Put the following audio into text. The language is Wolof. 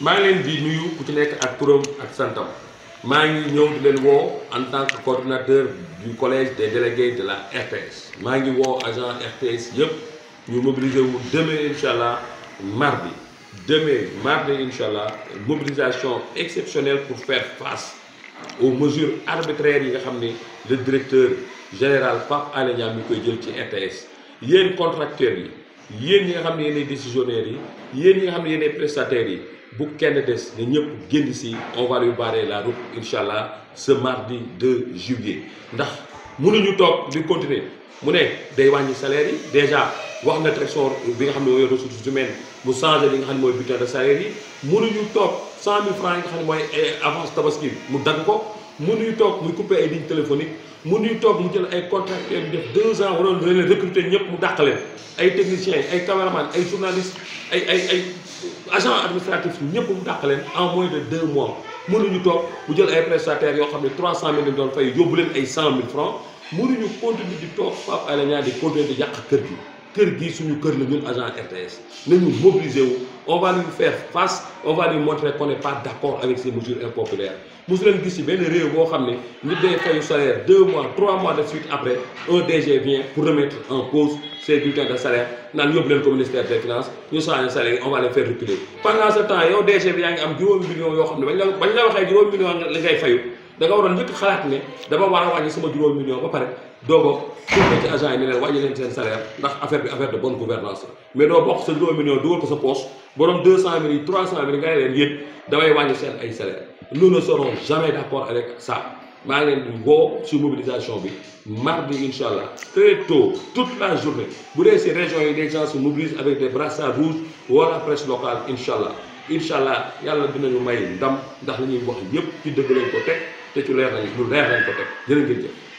Je vous remercie, di nuyu ku ci santam di en tant que coordinateur du collège des délégués de la RTS Mangi wo agent RTS yëpp ñu mobiliser demain inshallah, mardi demain mardi inshallah, mobilisation exceptionnelle pour faire face aux mesures arbitraires que nga le directeur général Pape Alé Niang mi koy jël ci RTS contracteurs yéen ñi nga xam ne ay décisionnaires yi yéen ñi nga xam ne ay prestataires yi bu kenn des ne ñëpp génn si on va lui barrer la route incha allah ce mardi 2 juillet ndax mënuñu toog di continuer mu ne day wàññi salaire yi déjà wax na trésor bi nga xam ne mooy ressources humaines mu changé li nga xam ne mooy bulletin de salaire yi mënuñu toog 100000 francs yi nga xam ne mooy eh, avance tabaski mu dagg ko. Mounou Tok, nous couper les lignes téléphoniques. Mounou Tok, nous avons un contact qui a deux ans, pour recruter recruté les techniciens, les caméramans, les journalistes, les agents administratifs, en moins de deux mois. Mounou Tok, nous avons un prestataire qui a 300 000 dollars, nous avons 100 000 francs. Mounou Tok, continue de Tok, Pape Alenia, de continuer de faire des choses. Nous avons un agent RTS. Nous mobiliser, on va lui faire face, on va lui montrer qu'on n'est pas d'accord avec ces mesures impopulaires. Nous avons gis salaire deux mois trois mois de suite après un DG vient pour remettre en cause ses bulletins de salaire Nous, avons ministère des finances salaire on va les faire reculer pendant ce temps un DG vient ngi de millions da nga waroon njëkk xalaat ne dama war a wàññi sama juróom million ba pare doogo tourné ci agent yi ne leen wàññi leen seen salaire ndax affaire bi affaire de bonne gouvernance mais doo bokk sa juróom million dugal ko sa poche borom 200 cent mille yi trois cent mille nga ne leen yéen damay wàññi seen ay salaire nous ne serons jamais d'accord avec ça maa ngi leen di woo sur mobilisation bi mardi incha allah très tôt toute la journée bu dee si régions yi les gens se mobilisent avec des brassards rouges la presse locale incha allah incha allah yàlla dinañu may ndam ndax li ñuy wax yépp ci dëgg lañ ko teg te ci leer lañ lu leer lañ ko teg jërë ngeen jëf